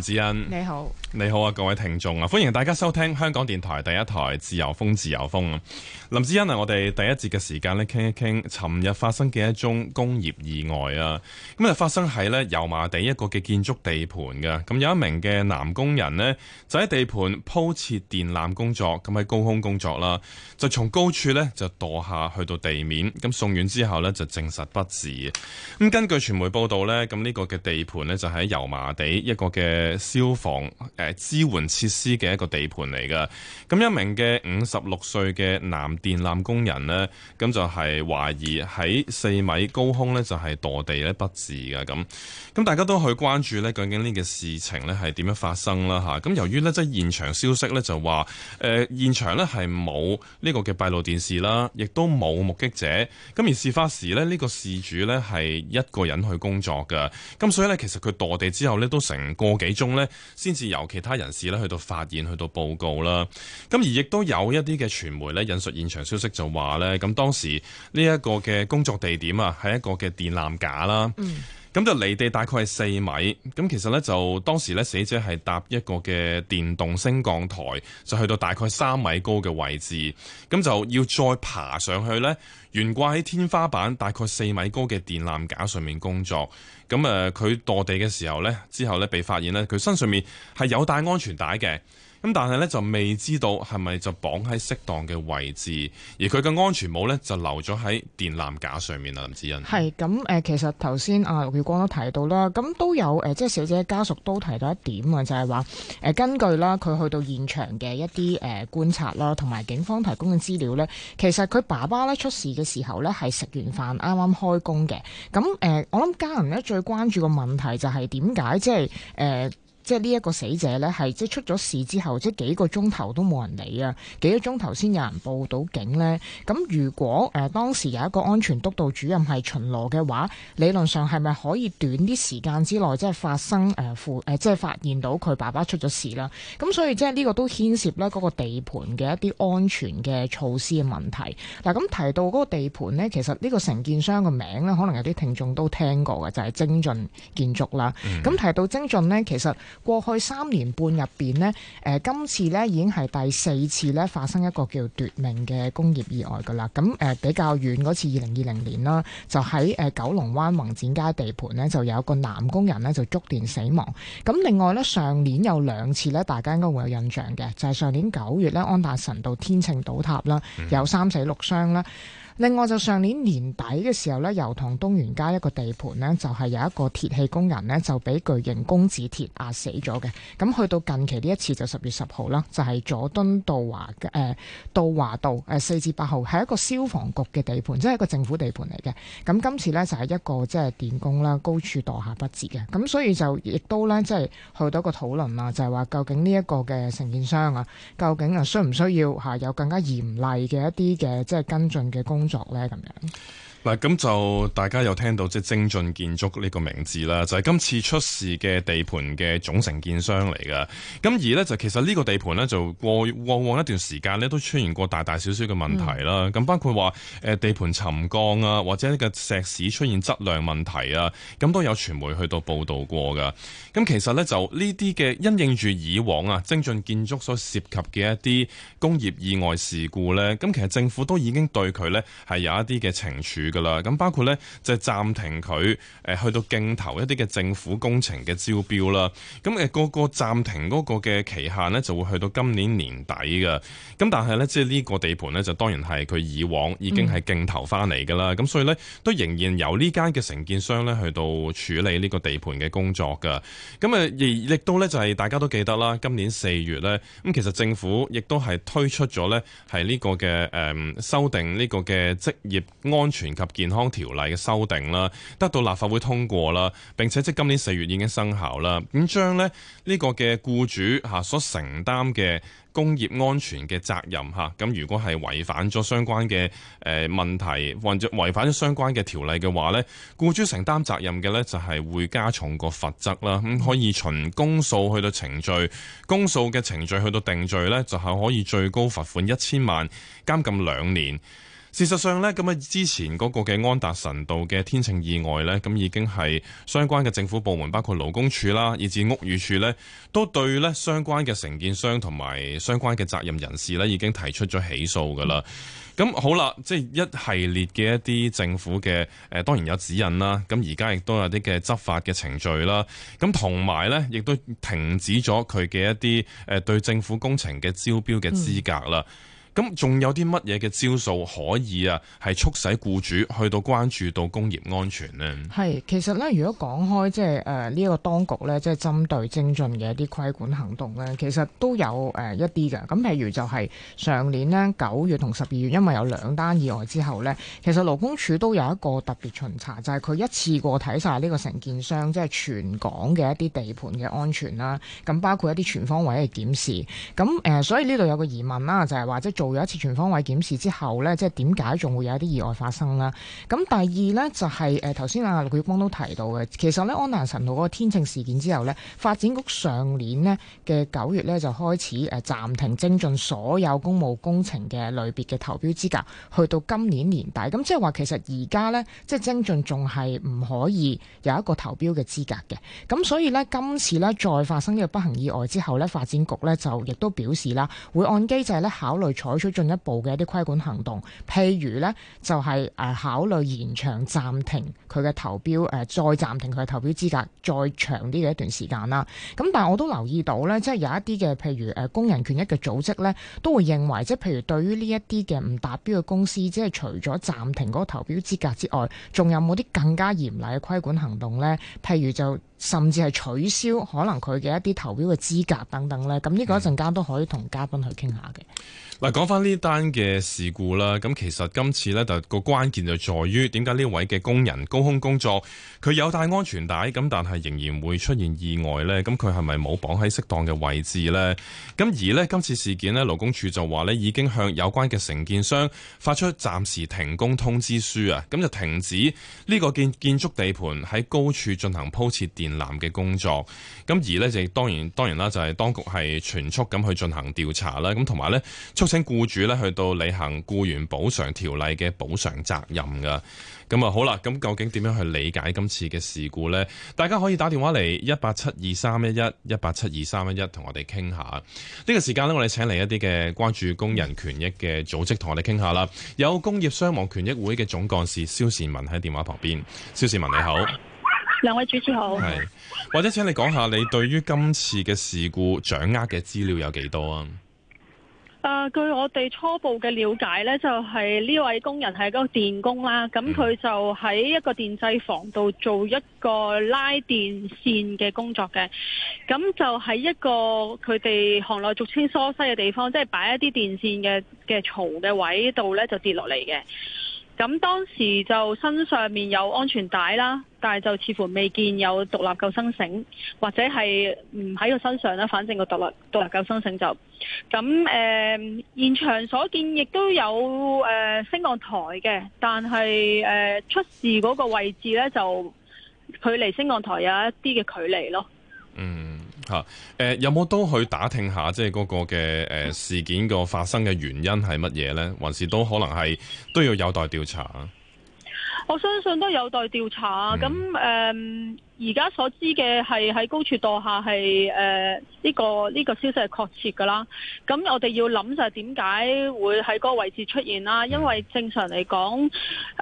朱恩，子安你好。你好啊，各位聽眾啊，歡迎大家收聽香港電台第一台自由風自由風啊！林志恩啊，我哋第一節嘅時間咧，傾一傾尋日發生嘅一宗工業意外啊！咁啊，發生喺咧油麻地一個嘅建築地盤嘅，咁有一名嘅男工人呢，就喺地盤鋪設電纜工作，咁喺高空工作啦，就從高處咧就墮下去到地面，咁送院之後呢，就證實不治。咁根據傳媒報道呢，咁、這、呢個嘅地盤呢，就喺油麻地一個嘅消防，誒支援設施嘅一個地盤嚟嘅，咁一名嘅五十六歲嘅男電纜工人咧，咁就係懷疑喺四米高空咧就係、是、墮地咧不治嘅咁，咁大家都去關注咧究竟呢個事情咧係點樣發生啦吓，咁、啊、由於咧即係現場消息咧就話誒、呃、現場咧係冇呢個嘅閉路電視啦，亦都冇目擊者。咁而事發時咧呢、這個事主咧係一個人去工作噶，咁所以咧其實佢墮地之後咧都成個幾鐘咧先至有。其他人士咧去到發現去到報告啦。咁而亦都有一啲嘅傳媒咧引述現場消息就，就話咧咁當時呢一個嘅工作地點啊，係一個嘅電纜架啦。嗯咁就離地大概係四米，咁其實呢，就當時呢死者係搭一個嘅電動升降台，就去到大概三米高嘅位置，咁就要再爬上去呢懸掛喺天花板大概四米高嘅電纜架上面工作，咁誒佢墮地嘅時候呢，之後呢被發現呢佢身上面係有帶安全帶嘅。咁但係咧就未知道係咪就綁喺適當嘅位置，而佢嘅安全帽咧就留咗喺電纜架上面啊！林志欣係咁，其實頭先啊陸兆光都提到啦，咁都有即係小姐家屬都提到一點啊，就係話根據啦佢去到現場嘅一啲誒觀察啦，同埋警方提供嘅資料咧，其實佢爸爸咧出事嘅時候咧係食完飯啱啱開工嘅。咁我諗家人咧最關注個問題就係點解即係即係呢一個死者咧，係即係出咗事之後，即係幾個鐘頭都冇人理啊，幾個鐘頭先有人報到警咧？咁如果誒、呃、當時有一個安全督導主任係巡邏嘅話，理論上係咪可以短啲時間之內即係發生、呃呃、即係發現到佢爸爸出咗事啦？咁所以即係呢個都牽涉咧個個地盤嘅一啲安全嘅措施嘅問題。嗱咁提到嗰個地盤咧，其實呢個承建商個名咧，可能有啲聽眾都聽過嘅，就係、是、精進建築啦。咁、嗯、提到精進咧，其實過去三年半入面，呢、呃、今次呢已經係第四次呢發生一個叫奪命嘅工業意外噶啦。咁、呃、比較遠嗰次二零二零年啦，就喺九龍灣宏展街地盤呢，就有一個男工人呢就觸電死亡。咁另外呢，上年有兩次呢，大家應該會有印象嘅，就係、是、上年九月呢，安達臣道天秤倒塌啦，嗯、有三死六傷啦。另外就上年年底嘅時候咧，油塘東園街一個地盤咧，就係、是、有一個鐵器工人咧，就俾巨型工字鐵壓死咗嘅。咁去到近期呢一次就十月十號啦，就係、就是、佐敦道華、欸、道華道四至八號，係一個消防局嘅地盤，即、就、係、是、一個政府地盤嚟嘅。咁今次咧就係、是、一個即係、就是、電工啦，高處墮下不治嘅。咁所以就亦都咧即係去到一個討論啦，就係、是、話究竟呢一個嘅承建商啊，究竟啊需唔需要有更加嚴厲嘅一啲嘅即係跟進嘅工作。作咧咁樣。嗱，咁就大家有聽到即係精進建築呢個名字啦，就係今次出事嘅地盤嘅總承建商嚟噶。咁而呢，就其實呢個地盤呢，就過往，往一段時間呢都出現過大大小小嘅問題啦。咁包括話誒地盤沉降啊，或者呢個石屎出現質量問題啊，咁都有傳媒去到報導過噶。咁其實呢，就呢啲嘅因應住以往啊精進建築所涉及嘅一啲工業意外事故呢。咁其實政府都已經對佢呢係有一啲嘅懲處。噶啦，咁包括咧，就係暫停佢，誒，去到競投一啲嘅政府工程嘅招標啦。咁誒，個個暫停嗰個嘅期限呢，就會去到今年年底嘅。咁但係咧，即係呢個地盤咧，就當然係佢以往已經係競投翻嚟噶啦。咁、嗯、所以咧，都仍然由呢間嘅承建商咧去到處理呢個地盤嘅工作噶。咁啊、就是，亦亦都咧就係大家都記得啦，今年四月咧，咁其實政府亦都係推出咗咧，係、嗯、呢個嘅誒修訂呢個嘅職業安全及健康條例嘅修訂啦，得到立法會通過啦，並且即今年四月已經生效啦。咁將咧呢個嘅僱主吓所承擔嘅工業安全嘅責任吓，咁如果係違反咗相關嘅誒問題，或者違反咗相關嘅條例嘅話咧，僱主承擔責任嘅咧就係會加重個罰則啦。咁可以循公訴去到程序，公訴嘅程序去到定罪咧，就係可以最高罰款一千萬、監禁兩年。事實上呢，咁啊之前嗰個嘅安達臣道嘅天秤意外呢，咁已經係相關嘅政府部門，包括勞工處啦，以至屋宇署呢，都對呢相關嘅承建商同埋相關嘅責任人士呢已經提出咗起訴㗎啦。咁好啦，即係一系列嘅一啲政府嘅誒，當然有指引啦。咁而家亦都有啲嘅執法嘅程序啦。咁同埋呢，亦都停止咗佢嘅一啲誒對政府工程嘅招標嘅資格啦。嗯咁仲有啲乜嘢嘅招數可以啊，係促使僱主去到關注到工業安全呢？係，其實咧，如果講開，即係誒呢個當局咧，即係針對精進嘅一啲規管行動咧，其實都有誒一啲嘅。咁譬如就係上年咧九月同十二月，因為有兩單意外之後咧，其實勞工處都有一個特別巡查，就係、是、佢一次過睇晒呢個承建商即係、就是、全港嘅一啲地盤嘅安全啦。咁包括一啲全方位嘅檢視。咁誒，所以呢度有個疑問啦，就係話，即係做。有一次全方位檢視之後呢，即係點解仲會有一啲意外發生啦？咁第二呢，就係誒頭先阿李光昇都提到嘅，其實呢，安達臣道嗰個天秤事件之後呢，發展局上年呢嘅九月呢，就開始誒暫停精進所有公務工程嘅類別嘅投標資格，去到今年年底咁，即係話其實而家呢，即係精進仲係唔可以有一個投標嘅資格嘅。咁所以呢，今次呢，再發生呢個不幸意外之後呢，發展局呢，就亦都表示啦，會按機制咧考慮採取。採取進一步嘅一啲規管行動，譬如呢，就係誒考慮延長暫停佢嘅投標，誒再暫停佢嘅投標資格再長啲嘅一段時間啦。咁但係我都留意到呢，即係有一啲嘅譬如誒工人權益嘅組織呢，都會認為即係譬如對於呢一啲嘅唔達標嘅公司，即係除咗暫停嗰個投標資格之外，仲有冇啲更加嚴厲嘅規管行動呢？譬如就甚至係取消可能佢嘅一啲投標嘅資格等等呢。咁呢個一陣間都可以同嘉賓去傾下嘅。嗯嗱，講翻呢單嘅事故啦，咁其實今次呢就個關鍵就在於點解呢位嘅工人高空工作，佢有帶安全帶，咁但係仍然會出現意外呢？咁佢係咪冇綁喺適當嘅位置呢？咁而呢，今次事件呢，勞工處就話呢已經向有關嘅承建商發出暫時停工通知書啊，咁就停止呢個建建築地盤喺高處進行鋪設電纜嘅工作。咁而呢，就當然當然啦，就係當局係全速咁去進行調查啦，咁同埋呢。請雇主咧去到履行雇員補償條例嘅補償責任噶，咁啊好啦，咁究竟點樣去理解今次嘅事故呢？大家可以打電話嚟一八七二三一一一八七二三一一同我哋傾下。呢個時間呢，我哋請嚟一啲嘅關注工人權益嘅組織同我哋傾下啦。有工業傷亡權益會嘅總幹事蕭倩文喺電話旁邊。蕭倩文你好，兩位主持好。或者請你講下你對於今次嘅事故掌握嘅資料有幾多啊？啊、呃，據我哋初步嘅了解咧，就係、是、呢位工人係個電工啦，咁佢就喺一個電製房度做一個拉電線嘅工作嘅，咁就喺一個佢哋行內俗稱疏西嘅地方，即、就、係、是、擺一啲電線嘅嘅槽嘅位度呢就跌落嚟嘅。咁當時就身上面有安全帶啦，但係就似乎未見有獨立救生繩，或者係唔喺個身上啦。反正個獨立獨立救生繩就咁誒、呃，現場所見亦都有誒、呃、升降台嘅，但係誒、呃、出事嗰個位置咧就距離升降台有一啲嘅距離咯。嗯。嚇，誒有冇都去打聽下，即係嗰個嘅誒事件個發生嘅原因係乜嘢咧？還是都可能係都要有待調查嚇？我相信都有待調查啊！咁誒。而家所知嘅係喺高處墮下係誒呢個呢、這個消息係確切㗎啦。咁我哋要諗就係點解會喺個位置出現啦？因為正常嚟講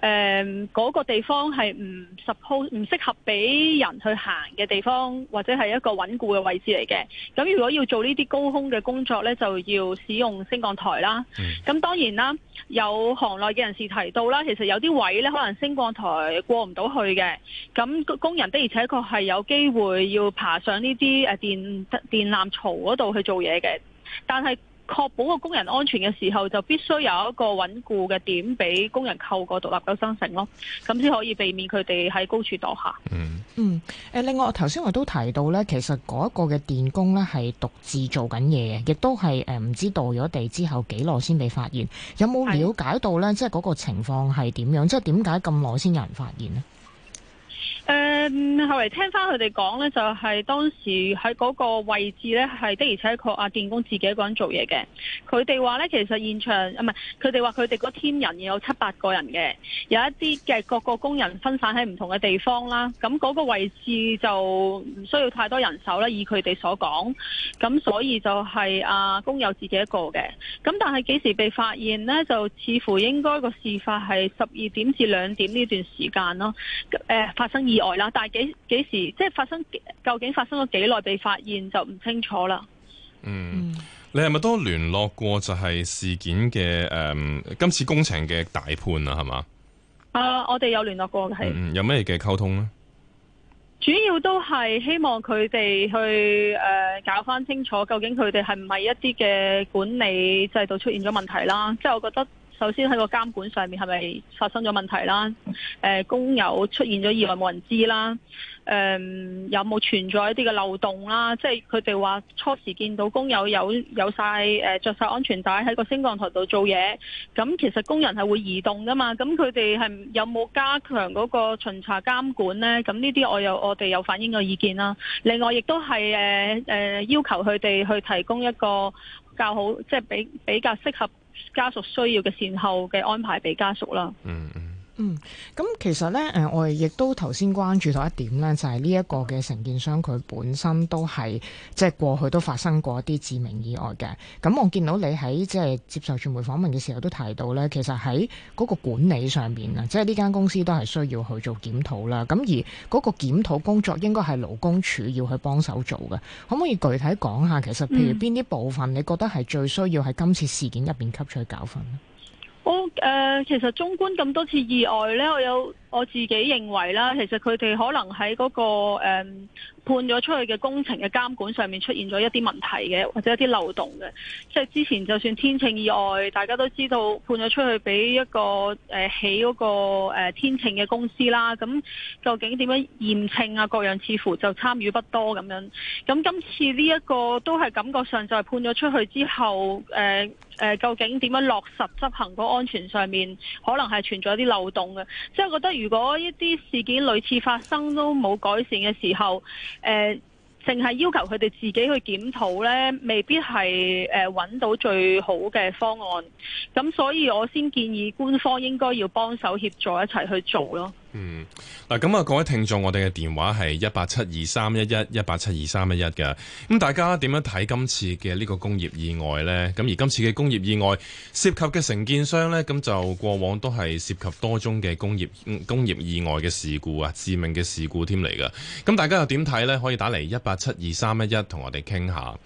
誒嗰個地方係唔十 u 唔適合俾人去行嘅地方，或者係一個穩固嘅位置嚟嘅。咁如果要做呢啲高空嘅工作咧，就要使用升降台啦。咁當然啦，有行內嘅人士提到啦，其實有啲位咧可能升降台過唔到去嘅。咁工人的而且。個係有機會要爬上呢啲誒電電纜槽嗰度去做嘢嘅，但係確保個工人安全嘅時候，就必須有一個穩固嘅點俾工人扣個獨立救生繩咯，咁先可以避免佢哋喺高處墮下。嗯嗯，誒、嗯，另外我頭先我都提到咧，其實嗰一個嘅電工咧係獨自做緊嘢嘅，亦都係誒唔知道咗地之後幾耐先被發現，有冇了解到咧？的即係嗰個情況係點樣？即係點解咁耐先有人發現呢？誒、嗯，後嚟聽翻佢哋講呢，就係、是、當時喺嗰個位置呢，係的而且確阿建工自己一個人做嘢嘅。佢哋話呢，其實現場啊，唔係佢哋話佢哋嗰 team 人有七八個人嘅，有一啲嘅各個工人分散喺唔同嘅地方啦。咁嗰個位置就唔需要太多人手啦，以佢哋所講。咁所以就係阿、啊、工友自己一個嘅。咁但係幾時被發現呢？就似乎應該個事發係十二點至兩點呢段時間咯。誒、呃，發生意。外啦，但係幾幾時即係發生？究竟發生咗幾耐被發現就唔清楚啦。嗯，你係咪都聯絡過就係事件嘅誒、嗯，今次工程嘅大判啊，係嘛？啊，我哋有聯絡過係、嗯、有咩嘅溝通呢？主要都係希望佢哋去誒、呃、搞翻清楚，究竟佢哋係唔係一啲嘅管理制度出現咗問題啦？即係我覺得。首先喺個監管上面係咪發生咗問題啦？誒、呃、工友出現咗意外冇人知啦？誒、呃、有冇存在一啲嘅漏洞啦？即係佢哋話初時見到工友有有晒誒著曬安全帶喺個升降台度做嘢，咁其實工人係會移動噶嘛？咁佢哋係有冇加強嗰個巡查監管呢？咁呢啲我有我哋有反映個意見啦。另外亦都係誒要求佢哋去提供一個較好即係比比較適合。家屬需要嘅善後嘅安排俾家屬啦。嗯。嗯，咁其實咧，誒，我哋亦都頭先關注到一點咧，就係呢一個嘅承建商佢本身都係即係過去都發生過一啲致命意外嘅。咁我見到你喺即係接受傳媒訪問嘅時候都提到咧，其實喺嗰個管理上邊啊，即係呢間公司都係需要去做檢討啦。咁而嗰個檢討工作應該係勞工處要去幫手做嘅。可唔可以具體講下，其實譬如邊啲部分你覺得係最需要喺今次事件入邊吸取教訓？嗯好，誒、哦呃，其實中關咁多次意外咧，我有。我自己認為啦，其實佢哋可能喺嗰、那個、誒、判咗出去嘅工程嘅監管上面出現咗一啲問題嘅，或者一啲漏洞嘅。即係之前就算天秤意外，大家都知道判咗出去俾一個、誒、起嗰個、誒、天秤嘅公司啦。咁究竟點樣驗秤啊？各樣似乎就參與不多咁樣。咁今次呢一個都係感覺上就係判咗出去之後，誒誒、究竟點樣落實執行嗰安全上面，可能係存在一啲漏洞嘅。即係覺得。如果一啲事件類似發生都冇改善嘅時候，誒、呃，淨係要求佢哋自己去檢討呢，未必係誒揾到最好嘅方案。咁所以，我先建議官方應該要幫手協助一齊去做咯。嗯，嗱咁啊，各位聽眾，我哋嘅電話係一八七二三一一一八七二三一一嘅。咁大家點樣睇今次嘅呢個工業意外呢？咁而今次嘅工業意外涉及嘅承建商呢？咁就過往都係涉及多宗嘅工業、嗯、工業意外嘅事故啊，致命嘅事故添嚟噶。咁大家又點睇呢？可以打嚟一八七二三一一同我哋傾下。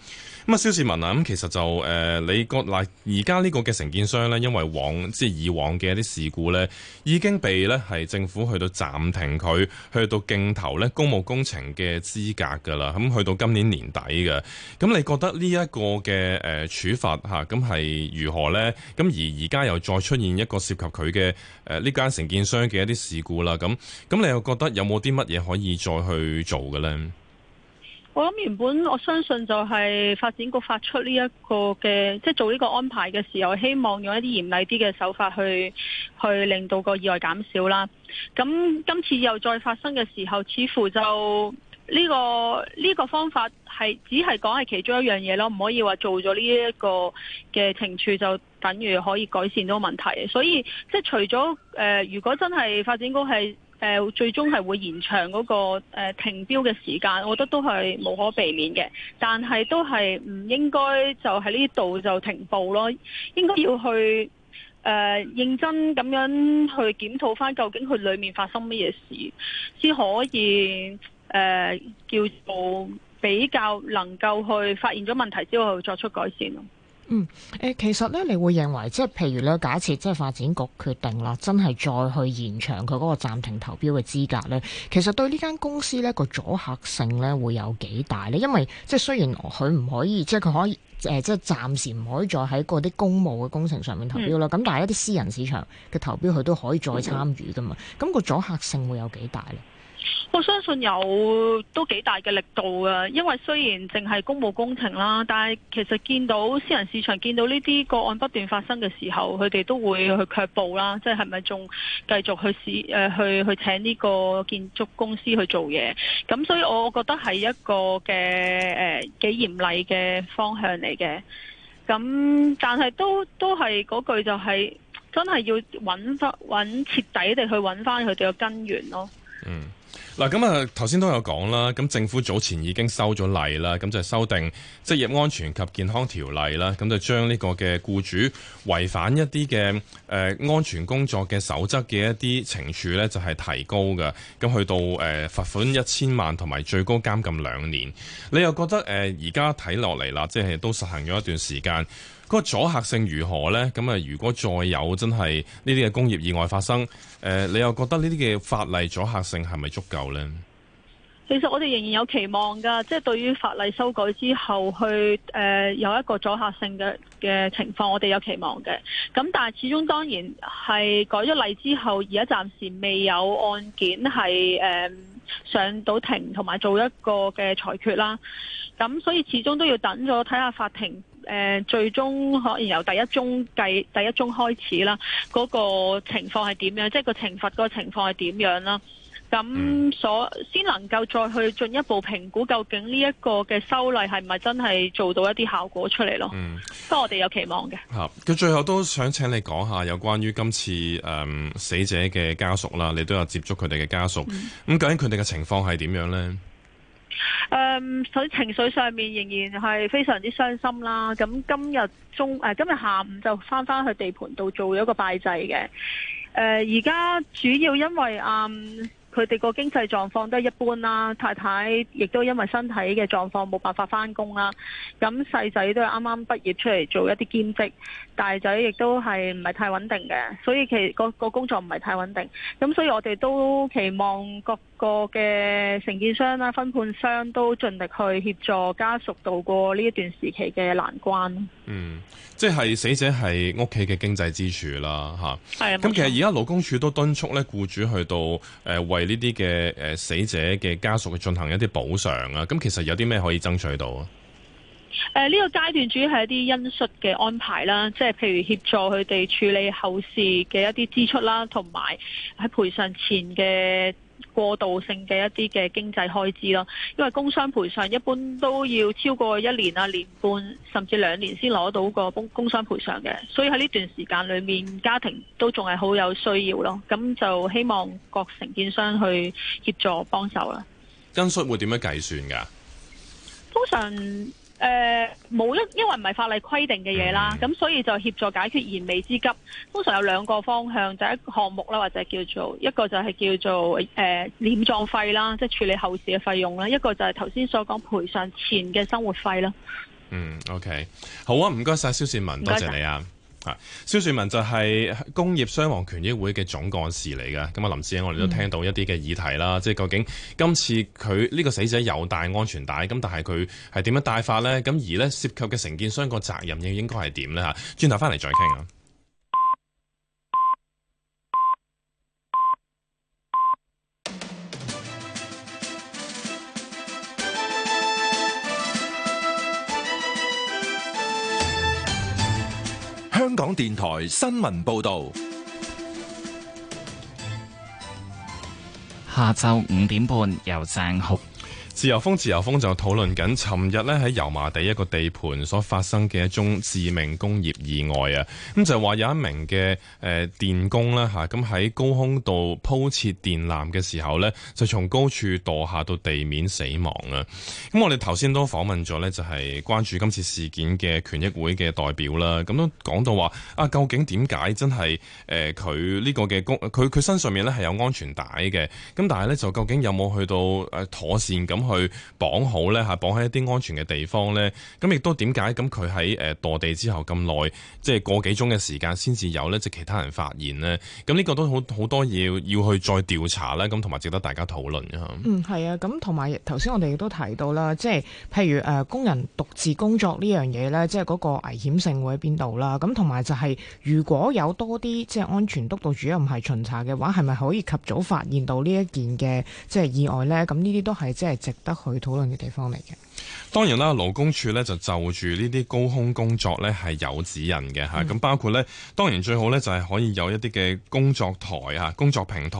咁啊，蕭倩文啊，咁其實就誒、呃，你覺嗱，而家呢個嘅承建商咧，因為往即係以往嘅一啲事故咧，已經被咧係政府去到暫停佢去到競投咧公務工程嘅資格噶啦，咁去到今年年底嘅，咁你覺得呢一個嘅誒、呃、處罰吓，咁、啊、係如何咧？咁而而家又再出現一個涉及佢嘅誒呢間承建商嘅一啲事故啦，咁咁你又覺得有冇啲乜嘢可以再去做嘅咧？我諗原本我相信就係發展局發出呢一個嘅，即係做呢個安排嘅時候，希望用一啲嚴厲啲嘅手法去去令到個意外減少啦。咁今次又再發生嘅時候，似乎就呢個呢個方法係只係講係其中一樣嘢咯，唔可以話做咗呢一個嘅懲處就等於可以改善到問題。所以即係除咗誒，如果真係發展局係。誒最終係會延長嗰個停標嘅時間，我覺得都係無可避免嘅。但係都係唔應該就喺呢度就停步咯，應該要去誒、呃、認真咁樣去檢討返究竟佢裡面發生乜嘢事，先可以誒、呃、叫做比較能夠去發現咗問題之後作出改善咯。嗯，誒，其實咧，你會認為即係譬如咧，假設即係發展局決定啦，真係再去延長佢嗰個暫停投標嘅資格咧，其實對呢間公司咧個阻嚇性咧會有幾大咧？因為即係雖然佢唔可以，即係佢可以，誒，即係暫時唔可以再喺嗰啲公務嘅工程上面投標啦。咁、嗯、但係一啲私人市場嘅投標，佢都可以再參與噶嘛？咁個、嗯、阻嚇性會有幾大咧？我相信有都幾大嘅力度啊，因為雖然淨係公務工程啦，但係其實見到私人市場見到呢啲個案不斷發生嘅時候，佢哋都會去卻步啦。即係係咪仲繼續去試誒、呃，去去，去請呢個建築公司去做嘢？咁所以我覺得係一個嘅誒幾嚴厲嘅方向嚟嘅。咁但係都都係嗰句就係、是、真係要揾翻揾徹底地去揾翻佢哋嘅根源咯。嗯。嗱，咁啊，頭先都有講啦，咁政府早前已經修咗例啦，咁就修訂職業安全及健康條例啦，咁就將呢個嘅僱主違反一啲嘅誒安全工作嘅守則嘅一啲懲處呢，就係、是、提高嘅，咁去到誒、呃、罰款一千萬，同埋最高監禁兩年。你又覺得誒而家睇落嚟啦，即係都實行咗一段時間。嗰個阻嚇性如何呢？咁啊，如果再有真係呢啲嘅工業意外發生，誒，你又覺得呢啲嘅法例阻嚇性係咪足夠呢？其實我哋仍然有期望噶，即係對於法例修改之後，去誒有一個阻嚇性嘅嘅情況，我哋有期望嘅。咁但係始終當然係改咗例之後，而家暫時未有案件係，呃，上到庭同埋做一個嘅裁決啦。咁所以始終都要等咗睇下法庭。誒、呃，最終可能由第一宗計，第一宗開始啦，嗰、那個情況係點樣？即係個懲罰個情況係點樣啦？咁、嗯、所先能夠再去進一步評估，究竟呢一個嘅修例係咪真係做到一啲效果出嚟咯、嗯啊？嗯，不過我哋有期望嘅。好，佢最後都想請你講下有關於今次誒死者嘅家屬啦，你都有接觸佢哋嘅家屬。咁、嗯、究竟佢哋嘅情況係點樣咧？誒、嗯，所以情緒上面仍然係非常之傷心啦。咁今日中誒、呃，今日下午就翻翻去地盤度做咗個拜祭嘅。誒、呃，而家主要因為誒，佢哋個經濟狀況都係一般啦。太太亦都因為身體嘅狀況冇辦法翻工啦。咁細仔都係啱啱畢業出嚟做一啲兼職，大仔亦都係唔係太穩定嘅，所以其個個工作唔係太穩定。咁所以我哋都期望各個嘅承建商啦、分判商，都盡力去協助家屬度過呢一段時期嘅難關。嗯，即係死者係屋企嘅經濟支柱啦，吓的。係。咁其實而家勞工處都敦促咧僱主去到誒，為呢啲嘅誒死者嘅家屬去進行一啲補償啊。咁其實有啲咩可以爭取到啊？誒、呃，呢、這個階段主要係一啲恩恤嘅安排啦，即係譬如協助佢哋處理後事嘅一啲支出啦，同埋喺賠償前嘅。過渡性嘅一啲嘅經濟開支咯，因為工傷賠償一般都要超過一年啊、年半，甚至兩年先攞到個工工傷賠償嘅，所以喺呢段時間裏面，家庭都仲係好有需要咯。咁就希望各承建商去協助幫手啦。跟素會點樣計算㗎？通常。誒冇一，因為唔係法例規定嘅嘢啦，咁、嗯、所以就協助解決燃眉之急。通常有兩個方向，就係、是、一個項目啦，或者叫做一個就係叫做誒殮、呃、葬費啦，即係處理後事嘅費用啦；一個就係頭先所講賠償前嘅生活費啦。嗯，OK，好啊，唔該晒蕭倩文，多謝你啊。啊，蕭倩文就係工業傷亡權益會嘅總幹事嚟嘅。咁啊，林志英我哋都聽到一啲嘅議題啦，嗯、即係究竟今次佢呢個死者有帶安全帶，咁但係佢係點樣帶法呢？咁而呢涉及嘅承建商個責任應應該係點呢？吓，轉頭翻嚟再傾啊。香港電台新聞報道，下晝五點半由鄭浩。自由風自由風就討論緊，尋日咧喺油麻地一個地盤所發生嘅一宗致命工業意外啊！咁就話有一名嘅誒電工咧吓，咁喺高空度鋪設電纜嘅時候咧，就從高處墮下到地面死亡啊！咁我哋頭先都訪問咗咧，就係關注今次事件嘅權益會嘅代表啦。咁都講到話啊，究竟點解真係誒佢呢個嘅工，佢佢身上面咧係有安全帶嘅，咁但係咧就究竟有冇去到誒妥善咁？去綁好咧嚇，綁喺一啲安全嘅地方咧。咁亦都點解咁佢喺誒墮地之後咁耐，即係個幾鐘嘅時間先至有咧，即係其他人發現咧。咁呢個都好好多要要去再調查啦。咁同埋值得大家討論、嗯、啊，嗯，係啊。咁同埋頭先我哋亦都提到啦，即係譬如誒工人獨自工作呢樣嘢咧，即係嗰個危險性會喺邊度啦。咁同埋就係如果有多啲即係安全督導主任係巡查嘅話，係咪可以及早發現到呢一件嘅即係意外咧？咁呢啲都係即係。值得去討論嘅地方嚟嘅。當然啦，勞工處咧就就住呢啲高空工作咧係有指引嘅吓，咁、嗯、包括咧，當然最好咧就係可以有一啲嘅工作台吓，工作平台，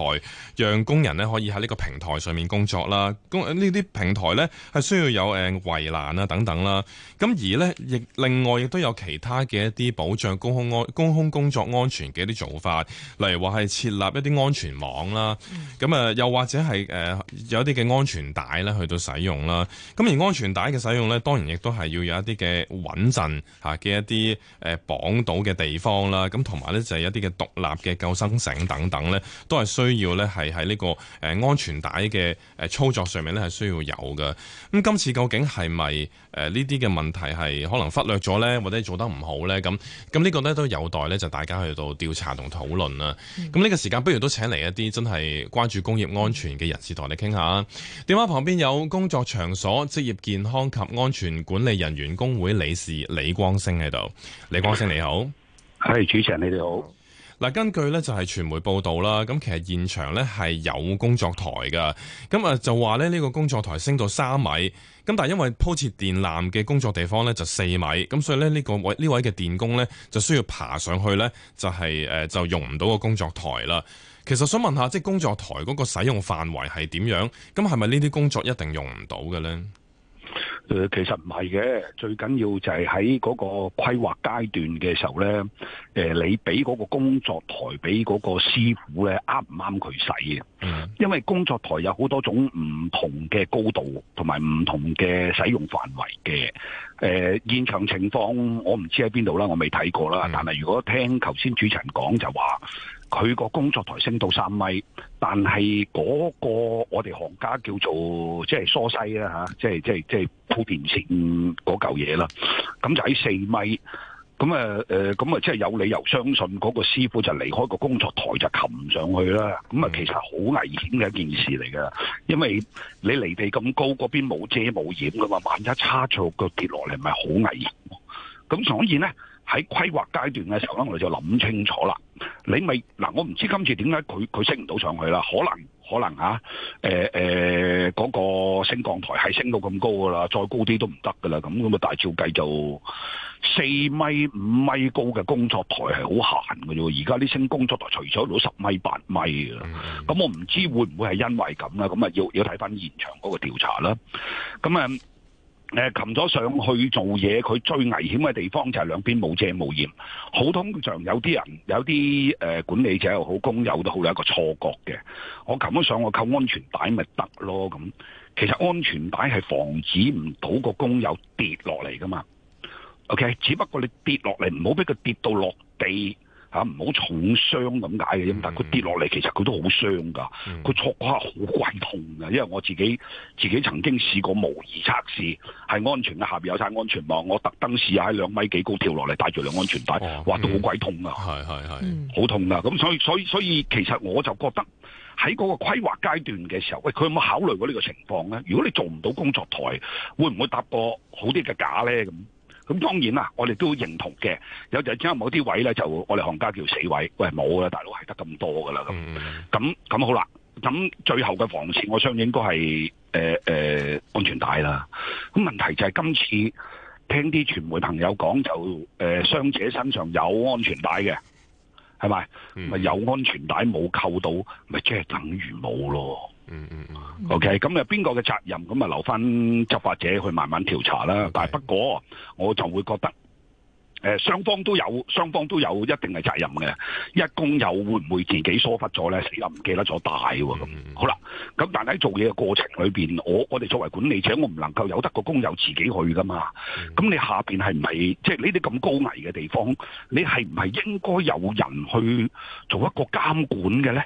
讓工人咧可以喺呢個平台上面工作啦。工呢啲平台咧係需要有誒圍欄啦等等啦。咁而咧亦另外亦都有其他嘅一啲保障高空安高空工作安全嘅一啲做法，例如話係設立一啲安全網啦，咁啊、嗯、又或者係誒有一啲嘅安全帶咧去到使用啦。咁而安全。安全帶嘅使用呢，當然亦都係要有一啲嘅穩陣嚇嘅一啲誒綁到嘅地方啦。咁同埋呢，就係一啲嘅獨立嘅救生繩等等呢，都係需要呢，係喺呢個誒安全帶嘅誒操作上面呢，係需要有嘅。咁今次究竟係咪誒呢啲嘅問題係可能忽略咗呢，或者做得唔好呢？咁咁呢個呢，都有待呢，就大家去到調查同討論啦。咁呢、嗯、個時間不如都請嚟一啲真係關注工業安全嘅人士同我哋傾下啊。電話旁邊有工作場所、職業健健康及安全管理人員工會理事李光昇喺度。李光昇你好。係主持人你哋好。嗱，根據咧就係傳媒報道啦，咁其實現場咧係有工作台噶，咁啊就話咧呢個工作台升到三米，咁但係因為鋪設電纜嘅工作地方咧就四米，咁所以咧呢個位呢位嘅電工咧就需要爬上去咧，就係誒就用唔到個工作台啦。其實想問下，即係工作台嗰個使用範圍係點樣？咁係咪呢啲工作一定用唔到嘅咧？誒、呃，其實唔係嘅，最緊要就係喺嗰個規劃階段嘅時候呢，誒、呃，你俾嗰個工作台俾嗰個師傅呢，啱唔啱佢使啊？嗯、因為工作台有好多種唔同嘅高度，同埋唔同嘅使用範圍嘅。誒、呃，現場情況我唔知喺邊度啦，我未睇過啦。嗯、但係如果聽頭先主持人講就話。佢個工作台升到三米，但係嗰個我哋行家叫做即係疏西啦吓，即係即係即係鋪電線嗰嚿嘢啦。咁就喺四米，咁啊誒，咁啊即係有理由相信嗰個師傅就離開個工作台就擒上去啦。咁啊，其實好危險嘅一件事嚟噶，因為你離地咁高，嗰邊冇遮冇掩噶嘛，萬一差錯腳跌落嚟，咪好危險。咁所以咧，喺規劃階段嘅時候咧，我哋就諗清楚啦。你咪嗱、啊，我唔知今次點解佢佢升唔到上去啦？可能可能嚇、啊，誒誒嗰個升降台係升到咁高噶啦，再高啲都唔得噶啦。咁咁啊，大照計就四米五米高嘅工作台係好閒嘅啫。而家啲升工作台除咗到十米八米嘅啦。咁、嗯嗯嗯、我唔知會唔會係因為咁啦？咁啊要要睇翻現場嗰個調查啦。咁啊。誒擒咗上去做嘢，佢最危險嘅地方就係兩邊冇遮冇掩。好，通常有啲人，有啲誒、呃、管理者又好，工友都好，有一個錯覺嘅。我擒咗上去，我扣安全帶咪得咯咁。其實安全帶係防止唔到個工友跌落嚟噶嘛。OK，只不過你跌落嚟，唔好俾佢跌到落地。嚇唔好重傷咁解嘅，但佢跌落嚟其實佢都好傷噶，佢錯下好鬼痛噶，因為我自己自己曾經試過模擬測試係安全嘅，下面有晒安全網，我特登試下喺兩米幾高跳落嚟，帶住兩安全帶，哇、哦嗯、都好鬼痛啊！係係係、好、嗯、痛啊！咁所以所以所以，其實我就覺得喺嗰個規劃階段嘅時候，喂，佢有冇考慮過呢個情況咧？如果你做唔到工作台，會唔會搭個好啲嘅架咧咁？咁當然啦，我哋都認同嘅。有就係今某啲位咧，就我哋行家叫死位。喂，冇啦，大佬係得咁多㗎啦。咁咁咁好啦。咁最後嘅防線，我相信應該係誒誒安全帶啦。咁問題就係今次聽啲傳媒朋友講，就誒傷、呃、者身上有安全帶嘅，係咪？咪、嗯、有安全帶冇扣到，咪即係等於冇咯。嗯 OK 咁啊，邊個嘅責任咁啊，留翻執法者去慢慢調查啦。Okay. 但係不過我就會覺得，誒、呃，雙方都有，雙方都有一定嘅責任嘅。一工友會唔會自己疏忽咗咧？死又唔記得咗帶喎。咁、mm hmm. 好啦，咁但係喺做嘢嘅過程裏邊，我我哋作為管理者，我唔能夠由得個工友自己去噶嘛。咁、mm hmm. 你下邊係唔係即係呢啲咁高危嘅地方？你係唔係應該有人去做一個監管嘅咧？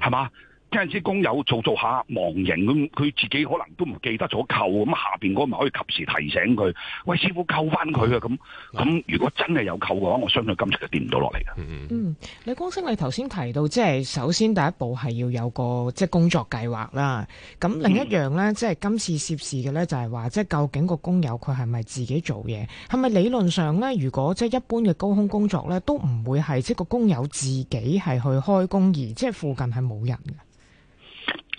係嘛、mm？Hmm. 有陣時工友做做下忘形咁，佢自己可能都唔記得咗扣咁。下邊嗰咪可以及時提醒佢，喂，師傅扣翻佢啊！咁咁，嗯，如果真係有扣嘅話，我相信今次就跌唔到落嚟嘅。嗯，李光昇，你頭先提到即係首先第一步係要有個即係工作計劃啦。咁另一樣呢，即係、嗯、今次涉事嘅呢，就係話即係究竟個工友佢係咪自己做嘢？係咪理論上呢？如果即係一般嘅高空工作呢，都唔會係即係個工友自己係去開工，而即係附近係冇人嘅。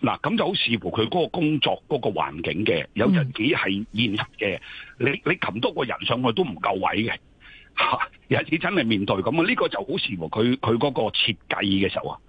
嗱咁就好視乎佢嗰個工作嗰個環境嘅，有陣時係現實嘅。你你冚多個人上去都唔夠位嘅，啊，有陣時真係面對咁啊！呢、呢個就好視乎佢佢嗰個設計嘅時候啊！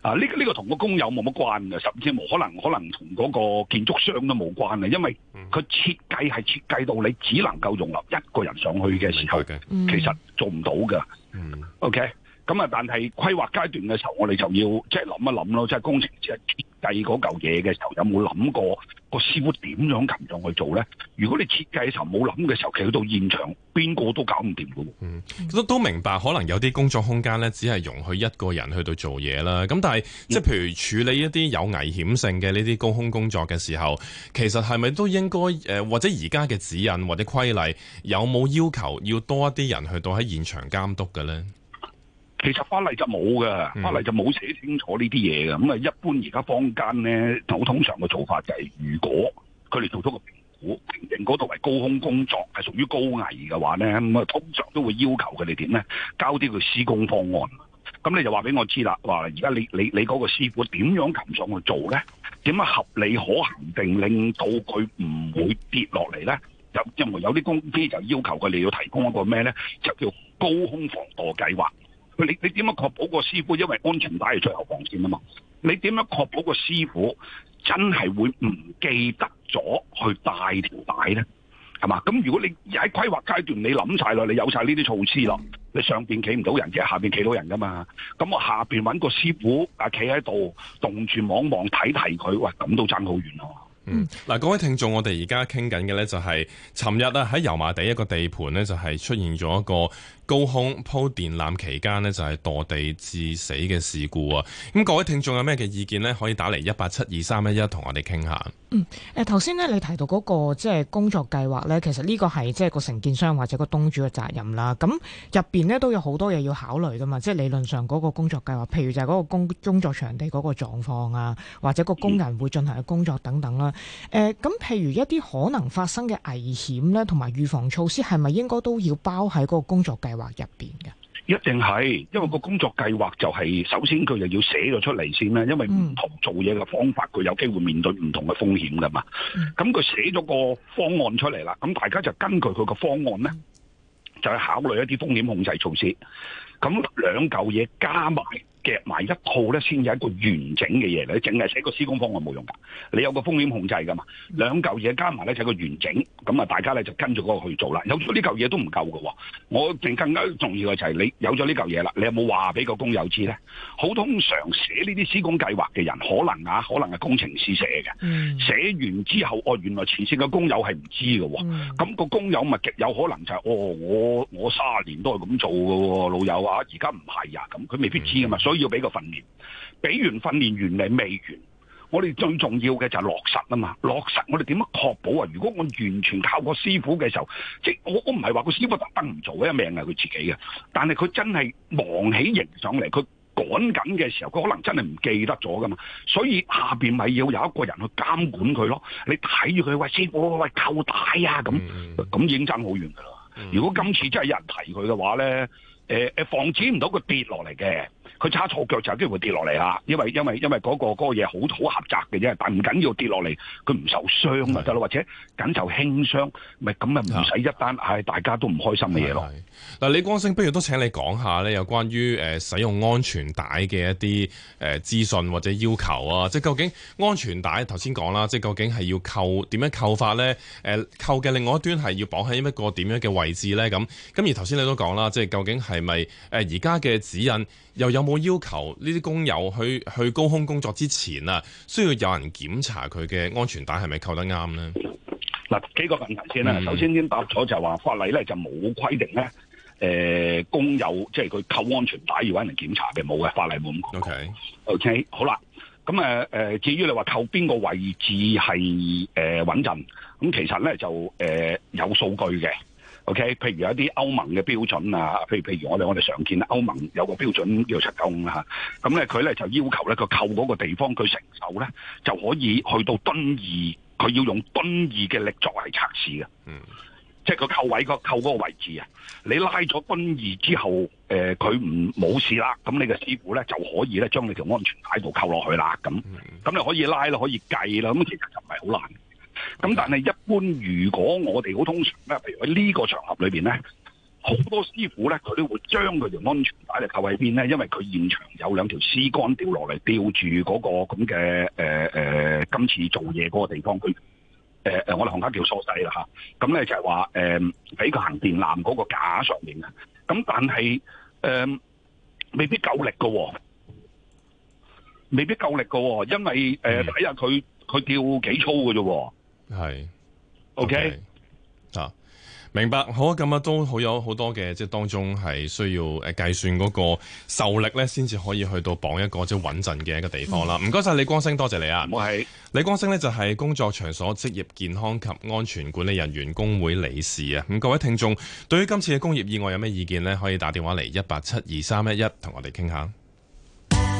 啊、呢、呢個呢、呢個同個工友冇乜關嘅，甚至無可能可能同嗰個建築商都冇關嘅，因為佢設計係設計到你只能夠容納一個人上去嘅時候，其實做唔到㗎。嗯。OK。咁啊！但係規劃階段嘅時候，我哋就要即係諗一諗咯，即係工程即係設計嗰嚿嘢嘅時候，有冇諗過個師傅點樣咁樣去做咧？如果你設計嘅時候冇諗嘅時候，企到度現場，邊個都搞唔掂喎。嗯，都都明白，可能有啲工作空間咧，只係容許一個人去到做嘢啦。咁但係，即係譬如處理一啲有危險性嘅呢啲高空工作嘅時候，其實係咪都應該誒、呃，或者而家嘅指引或者規例有冇要求要多一啲人去到喺現場監督嘅咧？其實法例就冇噶，法例就冇寫清楚呢啲嘢㗎。咁啊，一般而家坊間咧，好通常嘅做法就係、是，如果佢哋做咗個評估，評定嗰度為高空工作係屬於高危嘅話咧，咁啊，通常都會要求佢哋點咧，交啲佢施工方案。咁你就話俾我知啦，話而家你你你嗰個師傅點樣擒上去做咧？點樣合理可行定令到佢唔會跌落嚟咧？有因為有啲公司就要求佢哋要提供一個咩咧？就叫高空防墮計劃。你你點樣確保個師傅？因為安全帶係最後防線啊嘛！你點樣確保個師傅真係會唔記得咗去帶條帶咧？係嘛？咁如果你喺規劃階段，你諗晒啦，你有晒呢啲措施啦，你上邊企唔到人其實，下邊企到人噶嘛？咁我下邊搵個師傅啊，企喺度望住望望睇睇佢，喂，咁都爭好遠咯！嗯，嗱、嗯，各位聽眾，我哋而家傾緊嘅咧就係、是，尋日啊喺油麻地一個地盤咧，就係出現咗一個。高空鋪電纜期間呢，就係墮地致死嘅事故啊！咁各位聽眾有咩嘅意見呢？可以打嚟一八七二三一一同我哋傾下。嗯，誒頭先呢，你提到嗰、那個即係、就是、工作計劃呢，其實呢個係即係個承建商或者個東主嘅責任啦。咁入邊呢，都有好多嘢要考慮㗎嘛，即係理論上嗰個工作計劃，譬如就係嗰個工工作場地嗰個狀況啊，或者個工人會進行嘅工作等等啦。誒、嗯，咁、呃、譬如一啲可能發生嘅危險呢，同埋預防措施係咪應該都要包喺嗰個工作計劃？話入一定係，因為個工作計劃就係、是、首先佢就要寫咗出嚟先啦，因為唔同做嘢嘅方法，佢有機會面對唔同嘅風險噶嘛。咁佢寫咗個方案出嚟啦，咁大家就根據佢個方案呢，就去、是、考慮一啲風險控制措施。咁兩嚿嘢加埋夾埋一套咧，先係一個完整嘅嘢。你淨係寫個施工方案冇用㗎，你有個風險控制㗎嘛？兩嚿嘢加埋咧就係個完整。咁啊，大家咧就跟住嗰個去做啦。有咗呢嚿嘢都唔夠嘅、哦。我仲更加重要嘅就係你有咗呢嚿嘢啦，你有冇話俾個工友知咧？好通常寫呢啲施工計劃嘅人，可能啊，可能係工程師寫嘅。寫寫完之後，哦，原來前線嘅工友係唔知㗎喎、哦。咁、嗯、個工友咪極有可能就係、是、哦，我我卅年都係咁做嘅喎、哦，老友。話而家唔係呀，咁佢、啊、未必知啊嘛，所以要俾個訓練，俾完訓練完嚟未完，我哋最重要嘅就係落實啊嘛，落實我哋點樣確保啊？如果我完全靠個師傅嘅時候，即係我我唔係話個師傅特登唔做啊，命係佢自己嘅，但係佢真係忙起迎上嚟，佢趕緊嘅時候，佢可能真係唔記得咗噶嘛，所以下邊咪要有一個人去監管佢咯，你睇住佢，喂師傅喂扣帶呀咁，咁已經爭好遠噶啦，如果今次真係有人提佢嘅話咧。誒誒，防止唔到佢跌落嚟嘅。佢差錯腳就係機會跌落嚟呀，因為因為因為嗰個嗰個嘢好好狹窄嘅啫，但唔緊要跌落嚟，佢唔受傷咪得咯，是的 或者緊受輕傷，咪咁咪唔使一單是的、哎、大家都唔開心嘅嘢咯。嗱，李光昇，不如都請你講下咧，有關於使用安全帶嘅一啲資訊或者要求啊，即究竟安全帶頭先講啦，即究竟係要扣點樣扣法咧？扣嘅另外一端係要綁喺一個點樣嘅位置咧？咁咁而頭先你都講啦，即究竟係咪而家嘅指引又？有冇要求呢啲工友去去高空工作之前啊，需要有人檢查佢嘅安全帶係咪扣得啱咧？嗱，幾個問題先啦。嗯、首先先答咗就係話法例咧就冇規定咧，誒、呃、工友即係佢扣安全帶要有人檢查嘅冇嘅法例冇咁講。OK，OK，Okay.、okay, 好啦。咁誒誒，至於你話扣邊個位置係誒、呃、穩陣，咁其實咧就誒、呃、有數據嘅。OK，譬如有一啲歐盟嘅標準啊，譬如譬如我哋我哋常見啊，歐盟有個標準叫七九五啦，咁咧佢咧就要求咧個扣嗰個地方佢承受咧就可以去到噸二，佢要用噸二嘅力作為測試嘅，嗯，即係個扣位個扣嗰個位置啊，你拉咗噸二之後，誒佢唔冇事啦，咁你嘅師傅咧就可以咧將你條安全帶度扣落去啦，咁，咁、嗯、你可以拉啦，可以計啦，咁其實就唔係好難。咁、嗯、但係一般，如果我哋好通常咧，譬如喺呢個場合裏邊咧，好多師傅咧，佢都會將佢條安全帶嚟，扣喺邊咧？因為佢現場有兩條絲桿吊落嚟吊住嗰個咁嘅誒誒，今次做嘢嗰個地方，佢誒誒，我哋行家叫縮仔啦吓。咁、啊、咧、嗯、就係話誒，喺、呃、個行電纜嗰個架上面嘅。咁、嗯、但係誒、呃，未必夠力噶、哦，未必夠力噶、哦，因為誒，睇下佢佢吊幾粗嘅啫、哦。係，OK、啊、明白好咁啊，都好有好多嘅，即係當中係需要計算嗰個受力呢，先至可以去到綁一個即係穩陣嘅一個地方啦。唔該晒，李光昇，多謝你啊。我係李光昇呢，就係工作場所職業健康及安全管理人員工會理事啊。咁各位聽眾，對於今次嘅工業意外有咩意見呢？可以打電話嚟一八七二三一一同我哋傾下。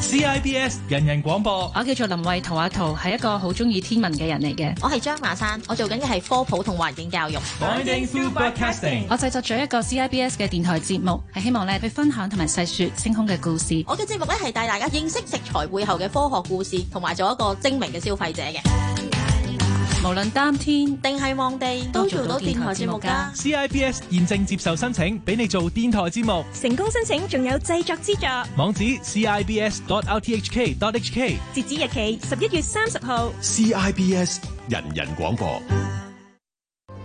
CIBS 人人廣播，我叫做林慧圖阿圖，係一個好中意天文嘅人嚟嘅。我係張雅山，我做緊嘅係科普同環境教育。B inding, casting 我製作咗一個 CIBS 嘅電台節目，係希望咧去分享同埋細說星空嘅故事。我嘅節目咧係帶大家認識食材背後嘅科學故事，同埋做一個精明嘅消費者嘅。無論擔天定係望地，都做到電台節目噶。CIBS 現正接受申請，俾你做電台節目。成功申請仲有製作資助。網址 cibs dot rthk dot hk 截止日期十一月三十號。CIBS 人人廣播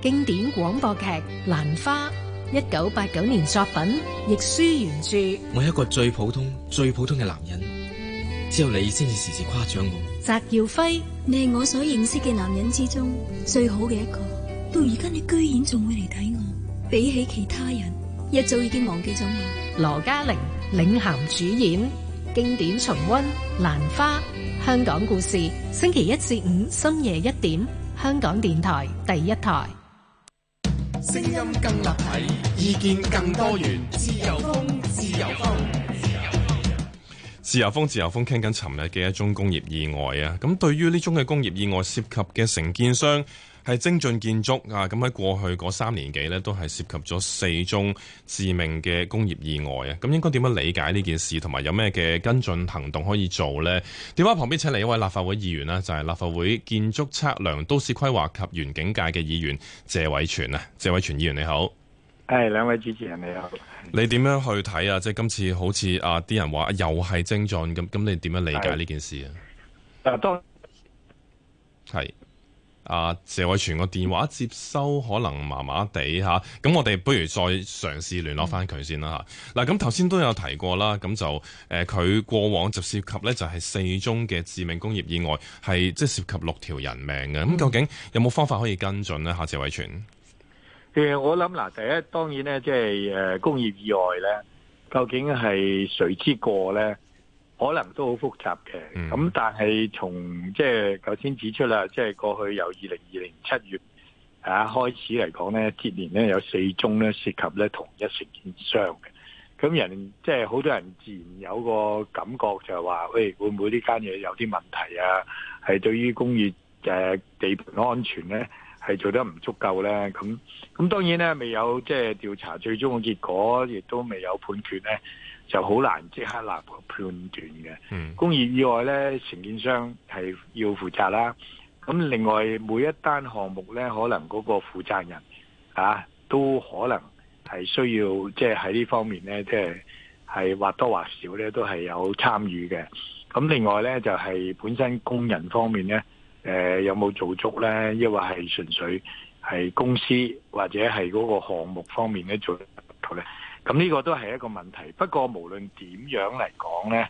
經典廣播劇《蘭花》，一九八九年作品，亦舒原著。我一個最普通、最普通嘅男人，只有你先至時時誇獎我。翟耀輝。你係我所認識嘅男人之中最好嘅一個，到而家你居然仲會嚟睇我。比起其他人，一早已經忘記咗我。羅嘉玲領銜主演，經典重溫《蘭花》。香港故事，星期一至五深夜一點，香港電台第一台。聲音更立體，意見更多元，自由風，自由風。自由風，自由風，傾緊尋日嘅一宗工業意外啊！咁對於呢宗嘅工業意外涉及嘅承建商係精進建築啊！咁喺過去嗰三年幾呢都係涉及咗四宗致命嘅工業意外啊！咁應該點樣理解呢件事，同埋有咩嘅跟進行動可以做呢？電話旁邊請嚟一位立法會議員，就係立法會建築測量都市規劃及園境界嘅議員謝偉銓啊！謝偉銓議員你好。係兩位主持人，你好。你點樣去睇啊？即係今次好似啊，啲人話又係精進咁，咁你點樣理解呢件事啊？啊，多謝啊，謝偉銓個電話接收可能麻麻地吓，咁、啊、我哋不如再嘗試聯絡返佢先啦吓。嗱、啊，咁頭先都有提過啦，咁就誒，佢、呃、過往就涉及呢，就係、是、四宗嘅致命工業意外，係即係涉及六條人命嘅。咁、嗯、究竟有冇方法可以跟進呢？下、啊、謝偉銓。我諗嗱，第一當然咧，即係誒工業意外咧，究竟係誰之過咧？可能都好複雜嘅。咁、嗯、但係從即係頭先指出啦，即係過去由二零二零七月吓開始嚟講咧，接連咧有四宗咧涉及咧同一承建商嘅。咁人即係好多人自然有個感覺就係話，喂，會唔會呢間嘢有啲問題啊？係對於工業誒地盤安全咧？.係做得唔足夠呢。咁咁當然呢，未有即係、就是、調查最終嘅結果，亦都未有判決呢，就好難即刻立判斷嘅。嗯、工業意外呢，承建商係要負責啦。咁另外每一單項目呢，可能嗰個負責人啊，都可能係需要即係喺呢方面呢，即係係或多或少呢，都係有參與嘅。咁另外呢，就係、是、本身工人方面呢。誒有冇做足呢？抑或係純粹係公司或者係嗰個項目方面呢做唔到呢？咁呢個都係一個問題。不過無論點樣嚟講呢，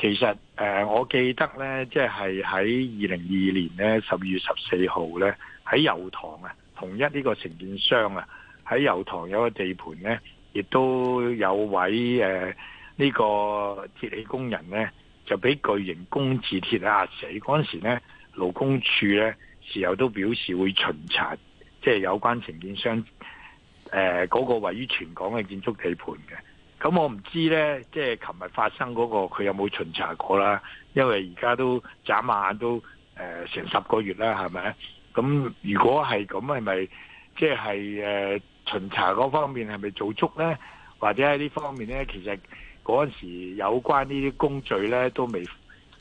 其實誒，我記得呢，即係喺二零二二年呢，十二月十四號呢，喺油塘啊，同一呢個承建商啊，喺油塘有個地盤呢，亦都有位誒呢個鐵器工人呢，就俾巨型工字鐵壓死嗰陣時呢。勞工處咧時候都表示會巡查，即係有關承建商誒嗰個位於全港嘅建築地盤嘅。咁我唔知咧，即係琴日發生嗰個佢有冇巡查過啦。因為而家都眨眼都誒成十個月啦，係咪？咁如果係咁，係咪即係誒巡查嗰方面係咪做足咧？或者喺呢方面咧，其實嗰陣時有關呢啲工序咧都未。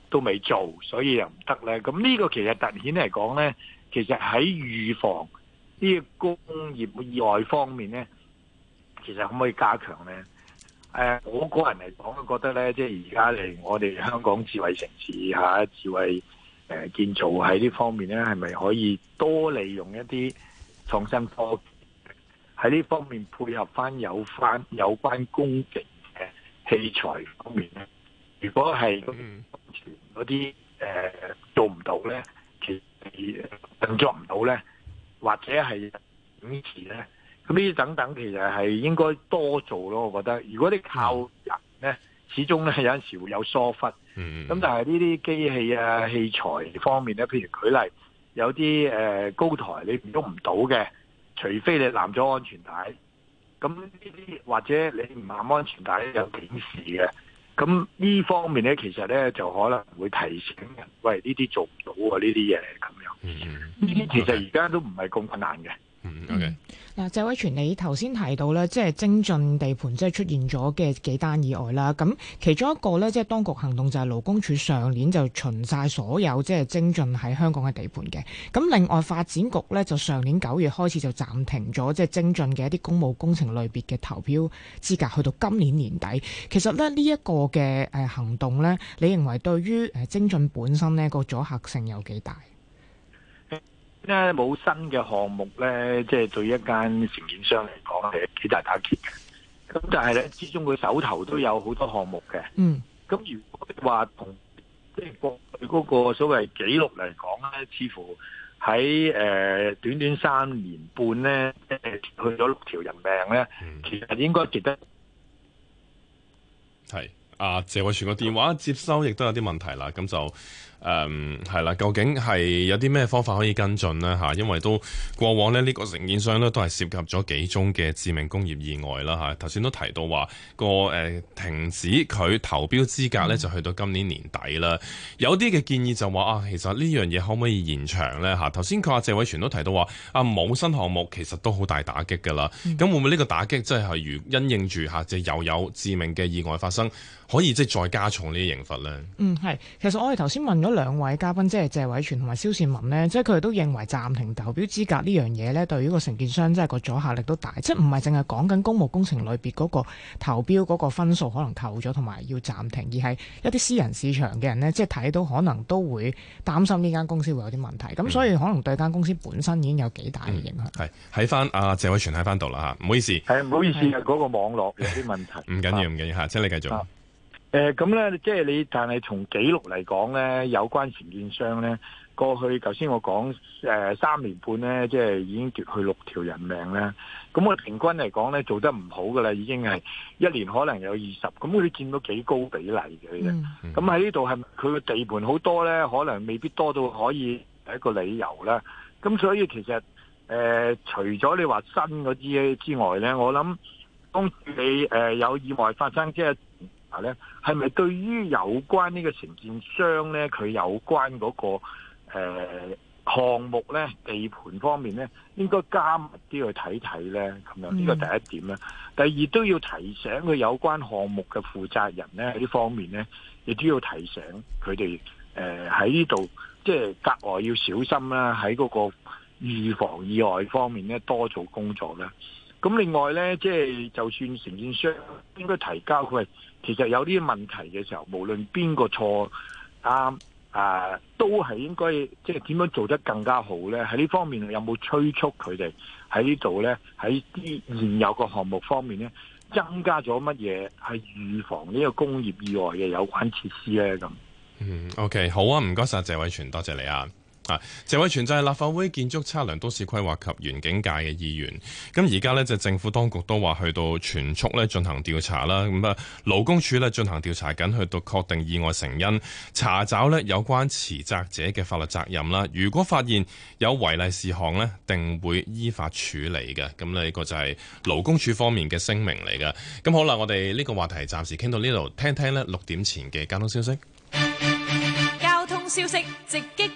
都未做，所以又唔得咧。咁呢個其實凸顯嚟講咧，其實喺預防呢個工業意外方面咧，其實可唔可以加強咧？誒、呃，我個人嚟講，都覺得咧，即係而家嚟我哋香港智慧城市吓，智慧誒建造喺呢方面咧，係咪可以多利用一啲創新科技喺呢方面配合翻有翻有關工業嘅器材方面咧？如果係嗰啲誒做唔到咧，其動作唔到咧，或者係警示咧，咁呢啲等等其實係應該多做咯。我覺得，如果你靠人咧，始終咧有陣時會有疏忽。咁但係呢啲機器啊器材方面咧，譬如舉例有啲誒、呃、高台你郁唔到嘅，除非你攬咗安全帶。咁呢啲或者你唔攬安全帶有警示嘅。咁呢方面咧，其實咧就可能會提醒人，喂呢啲做唔到啊，呢啲嘢咁樣。呢啲其實而家都唔係咁困難嘅。嗱，Okay. 謝偉銓，你頭先提到咧，即係精進地盤即係出現咗嘅幾單意外啦。咁其中一個咧，即係當局行動就係、是、勞工處上年就巡晒所有即係精進喺香港嘅地盤嘅。咁另外發展局咧就上年九月開始就暫停咗即係精進嘅一啲公務工程類別嘅投標資格，去到今年年底。其實咧呢一、這個嘅誒行動咧，你認為對於誒精進本身呢個阻嚇性有幾大？咧冇新嘅項目咧，即、就、係、是、對一間承建商嚟講係幾大打擊嘅。咁但係咧，之中佢手頭都有好多項目嘅。嗯。咁如果你話同即係國佢嗰個所謂紀錄嚟講咧，似乎喺誒短短三年半咧，即去咗六條人命咧，嗯，其實應該值得。係。阿、啊、謝偉銓嘅電話接收亦都有啲問題啦，咁就。誒，係啦、嗯，究竟係有啲咩方法可以跟進呢？因為都過往呢呢個承建商都係涉及咗幾宗嘅致命工業意外啦。頭先都提到話個、呃、停止佢投標資格呢，就去到今年年底啦。有啲嘅建議就話啊，其實呢樣嘢可唔可以延長呢？頭先佢阿謝偉銓都提到話啊，冇新項目其實都好大打擊噶啦。咁、嗯、會唔會呢個打擊即係如因應住下即係又有致命嘅意外發生，可以即係再加重呢啲刑罰呢？嗯，係，其實我哋頭先問咗。兩位嘉賓即係謝偉銓同埋蕭倩文呢，即係佢哋都認為暫停投標資格呢樣嘢咧，對於個承建商即係個阻嚇力都大，嗯、即係唔係淨係講緊公務工程裏邊嗰個投標嗰個分數可能扣咗，同埋要暫停，而係一啲私人市場嘅人呢，即係睇到可能都會擔心呢間公司會有啲問題，咁、嗯、所以可能對間公司本身已經有幾大嘅影響，係喺翻阿謝偉銓喺翻度啦嚇，啊、唔好意思，係唔好意思，嗰是個網絡有啲問題，唔緊要，唔緊要嚇，請唉你繼續。誒，咁咧，即係你，但係從紀錄嚟講咧，有關承建商咧，過去頭先我講誒，三年半咧，即係已經奪去六條人命咧。咁我平均嚟講咧，做得唔好噶啦，已經係一年可能有二十，咁佢佔到幾高比例嘅。咁喺呢度係佢個地盤好多咧，可能未必多到可以係一個理由呢。咁所以其實誒、呃，除咗你話新嗰啲之外咧，我諗當你誒有意外發生，即係。嗱係咪對於有關呢個承建商呢，佢有關嗰、那個誒、呃、項目呢，地盤方面呢，應該加密啲去睇睇呢。咁樣呢個第一點呢。嗯、第二都要提醒佢有關項目嘅負責人呢，喺呢方面呢，亦都要提醒佢哋誒喺呢度，即係格外要小心啦、啊，喺嗰個預防意外方面呢，多做工作呢。咁另外咧，即係就算承建商應該提交佢，其實有啲問題嘅時候，無論邊個錯啱啊，都係應該即係點樣做得更加好咧？喺呢方面有冇催促佢哋喺呢度咧？喺啲現有嘅項目方面咧，增加咗乜嘢係預防呢個工業意外嘅有關設施咧？咁嗯，OK，好啊，唔該晒謝偉銓，多謝你啊。啊！謝偉銓就係立法會建築測量、都市規劃及園境界嘅議員。咁而家咧就政府當局都話去到全速咧進行調查啦。咁啊勞工處咧進行調查緊，去到確定意外成因，查找咧有關遲責者嘅法律責任啦。如果發現有違例事項咧，定會依法處理嘅。咁呢個就係勞工處方面嘅聲明嚟嘅。咁好啦，我哋呢個話題暫時傾到呢度，聽聽咧六點前嘅交通消息。交通消息直擊。